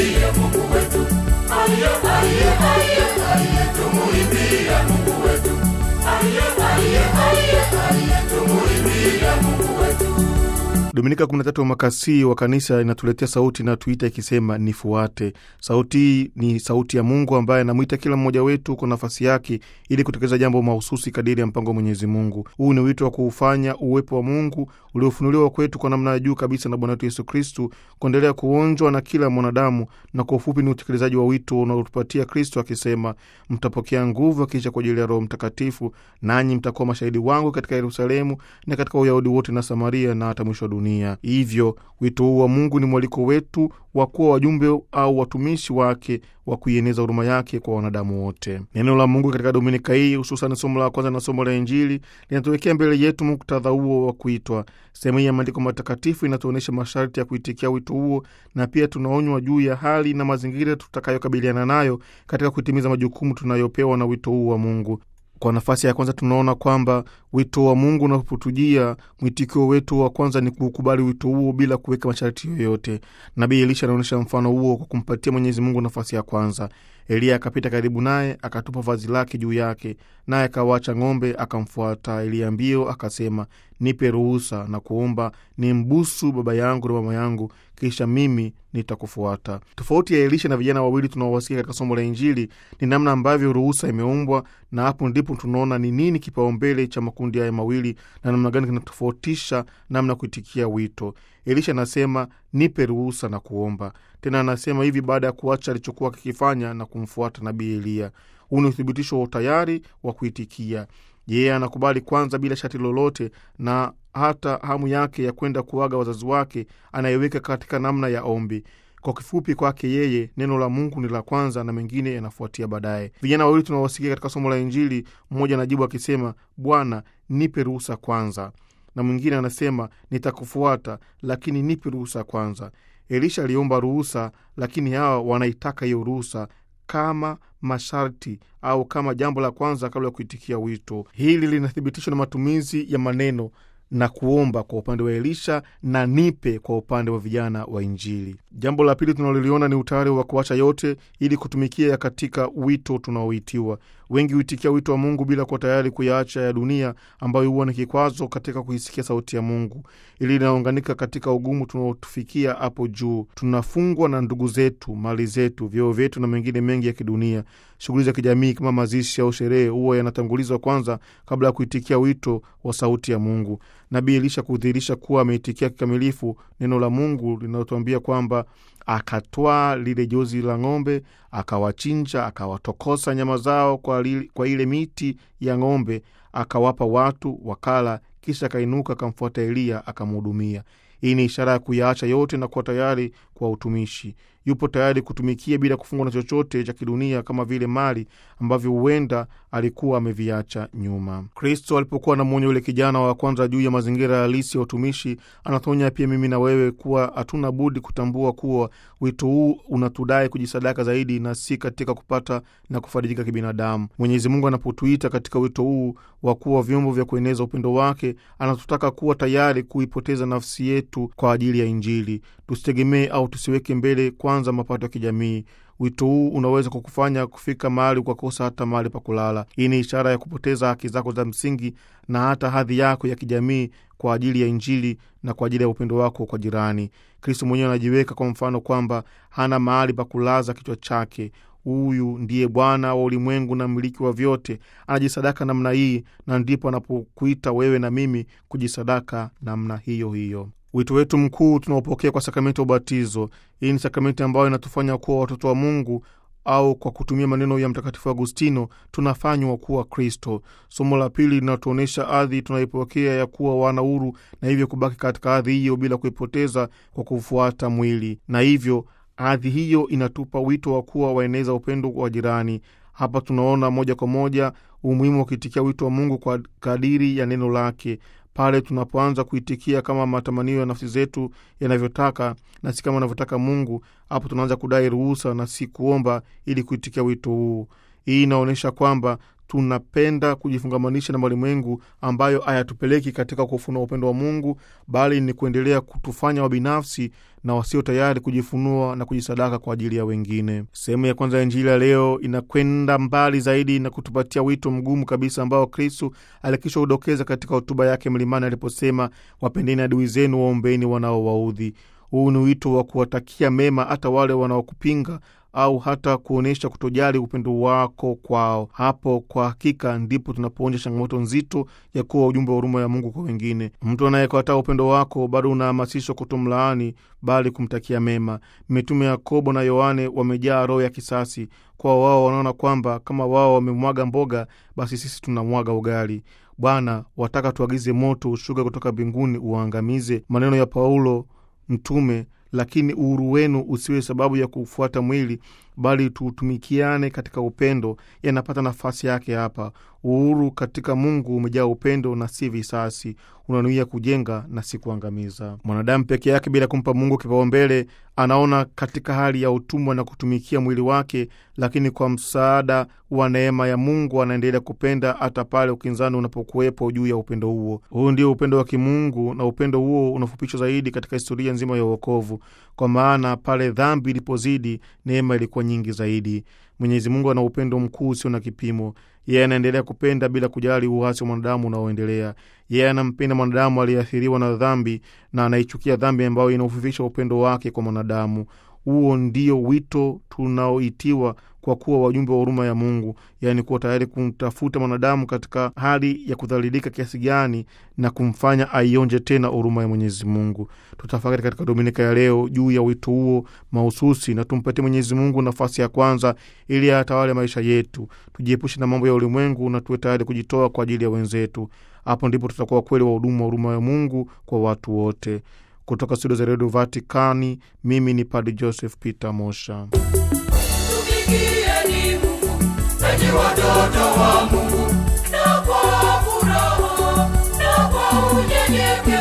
aliye mungu wetu aliye Dominika 13 wa makasi wa kanisa inatuletea sauti inayotuita ikisema, nifuate. Sauti hii ni sauti ya Mungu ambaye anamwita kila mmoja wetu kwa nafasi yake ili kutekeleza jambo mahususi kadiri ya mpango wa Mwenyezi Mungu. Huu ni wito wa kuufanya uwepo wa Mungu uliofunuliwa kwetu kwa namna ya juu kabisa na Bwana wetu Yesu Kristu kuendelea kuonjwa na kila mwanadamu, na kwa ufupi ni utekelezaji wa wito unaotupatia Kristu akisema, mtapokea nguvu akiisha kwa ajili ya Roho Mtakatifu, nanyi mtakuwa mashahidi wangu katika Yerusalemu na katika Uyahudi wote na Samaria na hata mwisho wa dunia dunia. Hivyo wito huu wa Mungu ni mwaliko wetu wa kuwa wajumbe au watumishi wake wa kuieneza huruma yake kwa wanadamu wote. Neno la Mungu katika dominika hii, hususan somo la kwanza na somo la Injili, linatuwekea mbele yetu muktadha huo wa kuitwa. Sehemu hii ya maandiko matakatifu inatuonyesha masharti ya kuitikia wito huo, na pia tunaonywa juu ya hali na mazingira tutakayokabiliana nayo katika kutimiza majukumu tunayopewa na wito huu wa Mungu. Kwa nafasi ya kwanza tunaona kwamba wito wa Mungu unapotujia, mwitikio wetu wa kwanza ni kuukubali wito huo bila kuweka masharti yoyote. Nabii Elisha anaonyesha mfano huo kwa kumpatia Mwenyezi Mungu nafasi ya kwanza. Eliya akapita karibu naye, akatupa vazi lake juu yake, naye akawacha ng'ombe, akamfuata Eliya mbio, akasema, nipe ruhusa na kuomba ni mbusu baba yangu na mama yangu, kisha mimi nitakufuata. Tofauti ya Elisha na vijana wawili tunaowasikia katika somo la Injili ni namna ambavyo ruhusa imeumbwa, na hapo ndipo tunaona ni nini kipaumbele cha makundi haya mawili na namna gani kinatofautisha namna kuitikia wito. Elisha anasema nipe ruhusa na kuomba tena. Anasema hivi baada ya kuacha alichokuwa akikifanya na kumfuata nabii Eliya. Huu ni uthibitisho wa utayari wa kuitikia. Yeye yeah, anakubali kwanza bila shati lolote, na hata hamu yake ya kwenda kuaga wazazi wake anayeweka katika namna ya ombi. Kwa kifupi, kwake yeye neno la Mungu ni la kwanza na mengine yanafuatia baadaye. Vijana wawili tunawasikia katika somo la Injili, mmoja anajibu akisema, Bwana nipe ruhusa kwanza na mwingine anasema nitakufuata, lakini nipe ruhusa kwanza. Elisha aliomba ruhusa, lakini hawa wanaitaka hiyo ruhusa kama masharti au kama jambo la kwanza kabla ya kuitikia wito. Hili linathibitishwa na matumizi ya maneno na kuomba kwa upande wa Elisha na nipe kwa upande wa vijana wa Injili. Jambo la pili tunaloliona ni utayari wa kuacha yote ili kutumikia katika wito tunaoitiwa. Wengi huitikia wito wa Mungu bila kuwa tayari kuyaacha ya dunia ambayo huwa ni kikwazo katika kuisikia sauti ya Mungu ili inaunganika katika ugumu tunaotufikia hapo juu. Tunafungwa na ndugu zetu, mali zetu, vyeo vyetu na mengine mengi ya kidunia. Shughuli za kijamii kama mazishi au sherehe huwa yanatangulizwa kwanza kabla ya kuitikia wito wa sauti ya Mungu nabii Elisha kudhihirisha kuwa ameitikia kikamilifu neno la Mungu linalotuambia kwamba akatwaa lile jozi la ng'ombe, akawachinja, akawatokosa nyama zao kwa, li, kwa ile miti ya ng'ombe, akawapa watu wakala, kisha akainuka akamfuata Eliya akamhudumia. Hii ni ishara ya kuyaacha yote na kuwa tayari kwa utumishi. Yupo tayari kutumikia bila kufungwa na chochote cha kidunia kama vile mali ambavyo huenda alikuwa ameviacha nyuma. Kristo alipokuwa anamwonya yule kijana wa kwanza juu ya mazingira halisi ya utumishi, anatuonya pia mimi na wewe kuwa hatuna budi kutambua kuwa wito huu unatudai kujisadaka zaidi na si katika kupata na kufarijika kibinadamu. Mwenyezi Mungu anapotuita katika wito huu wa kuwa vyombo vya kueneza upendo wake, anatutaka kuwa tayari kuipoteza nafsi yetu kwa ajili ya Injili. Tusitegemee au au tusiweke mbele kwanza mapato ya kijamii. Wito huu unaweza kwa kufanya kufika mahali ukakosa hata mahali pa kulala. Hii ni ishara ya kupoteza haki zako za msingi na hata hadhi yako ya kijamii kwa ajili ya Injili na kwa ajili ya upendo wako kwa jirani. Kristo mwenyewe anajiweka kwa mfano kwamba hana mahali pa kulaza kichwa chake. Huyu ndiye Bwana wa ulimwengu na mmiliki wa vyote. Anajisadaka namna hii, na ndipo anapokuita wewe na mimi kujisadaka namna hiyo hiyo. Wito wetu mkuu tunaopokea kwa sakramenti ya ubatizo. Hii ni sakramenti ambayo inatufanya kuwa watoto wa Mungu au kwa kutumia maneno ya Mtakatifu Agustino tunafanywa kuwa Kristo. Somo la pili linatuonyesha ardhi tunaipokea ya kuwa wana huru, na hivyo kubaki katika ardhi hiyo bila kuipoteza kwa kufuata mwili, na hivyo ardhi hiyo inatupa wito wa kuwa waeneza upendo wa jirani. Hapa tunaona moja kwa moja umuhimu wa kuitikia wito wa Mungu kwa kadiri ya neno lake pale tunapoanza kuitikia kama matamanio ya nafsi zetu yanavyotaka na si kama anavyotaka Mungu, hapo tunaanza kudai ruhusa na si kuomba ili kuitikia wito huu. Hii inaonyesha kwamba tunapenda kujifungamanisha na malimwengu ambayo hayatupeleki katika kufunua upendo wa Mungu, bali ni kuendelea kutufanya wabinafsi na wasio tayari kujifunua na kujisadaka kwa ajili ya wengine. Sehemu ya kwanza ya njili ya leo inakwenda mbali zaidi na kutupatia wito mgumu kabisa ambao Kristu alikishwa kudokeza katika hotuba yake mlimani aliposema, wapendeni adui zenu, waombeni wanaowaudhi. Huu ni wito wa kuwatakia mema hata wale wanaokupinga au hata kuonyesha kutojali upendo wako kwao. Hapo kwa hakika ndipo tunapoonja changamoto nzito ya kuwa ujumbe wa huruma ya Mungu kwa wengine. Mtu anayekataa upendo wako bado unahamasishwa kutomlaani, bali kumtakia mema. Mitume Yakobo na Yohane wamejaa roho ya kisasi. Kwa wao wanaona kwamba kama wao wamemwaga mboga, basi sisi tunamwaga ugali. Bwana, wataka tuagize moto ushuga kutoka mbinguni uwaangamize. Maneno ya Paulo mtume lakini uhuru wenu usiwe sababu ya kufuata mwili bali tuutumikiane katika upendo yanapata nafasi yake hapa. Uhuru katika Mungu umejaa upendo na si visasi, unanuia kujenga na si kuangamiza. Mwanadamu peke yake bila kumpa Mungu kipaumbele, anaona katika hali ya utumwa na kutumikia mwili wake, lakini kwa msaada wa neema ya Mungu anaendelea kupenda hata pale ukinzani unapokuwepo juu ya upendo huo. Huu ndio upendo wa kimungu, na upendo huo unafupishwa zaidi katika historia nzima ya uokovu kwa maana pale dhambi ilipozidi neema ilikuwa nyingi zaidi. Mwenyezi Mungu ana upendo mkuu usio na kipimo. Yeye anaendelea kupenda bila kujali uasi wa mwanadamu unaoendelea. Yeye anampenda mwanadamu aliyeathiriwa na dhambi na anaichukia dhambi ambayo inaofifisha upendo wake kwa mwanadamu. Huo ndio wito tunaoitiwa kwa kuwa wajumbe wa huruma ya Mungu, yaani kuwa tayari kumtafuta mwanadamu katika hali ya kudhalilika kiasi gani na kumfanya aionje tena huruma ya Mwenyezi Mungu. Tutafakari katika Dominika ya leo juu ya wito huo mahususi na tumpatie Mwenyezi Mungu nafasi ya kwanza ili atawale maisha yetu. Tujiepushe na mambo ya ulimwengu na tuwe tayari kujitoa kwa ajili ya wenzetu. Hapo ndipo tutakuwa kweli wahudumu wa huruma ya Mungu kwa watu wote. Kutoka studio za redio vaticani mimi ni padi Joseph Peter Mosha. watoto wa Mungu na kwa furaha na kwa unyenyekevu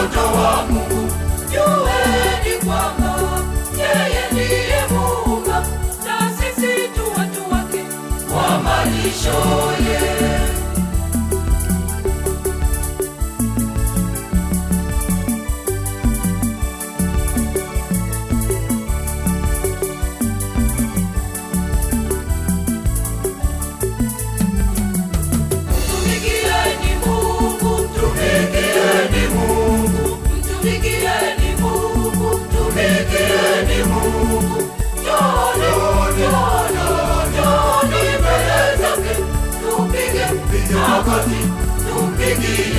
watoto wa Mungu, jueni kwamba yeye ndiye Muumba na sisi tu watu wake wa malisho Whiskey.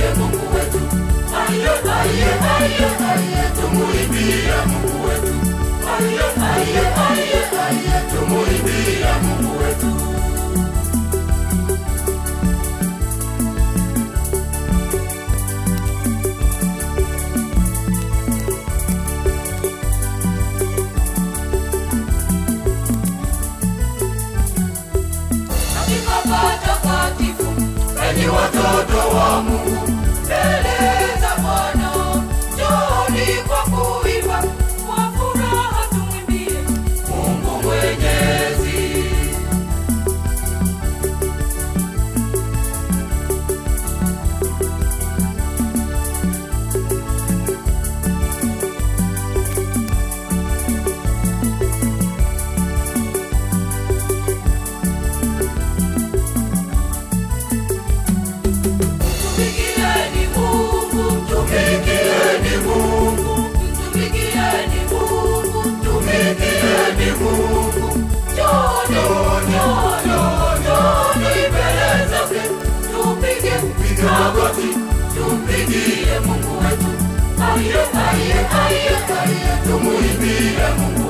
ni watoto wa Mungu. Tumwimbie Mungu wetu, aiyo, aiyo, to aiyo, tumwimbie Mungu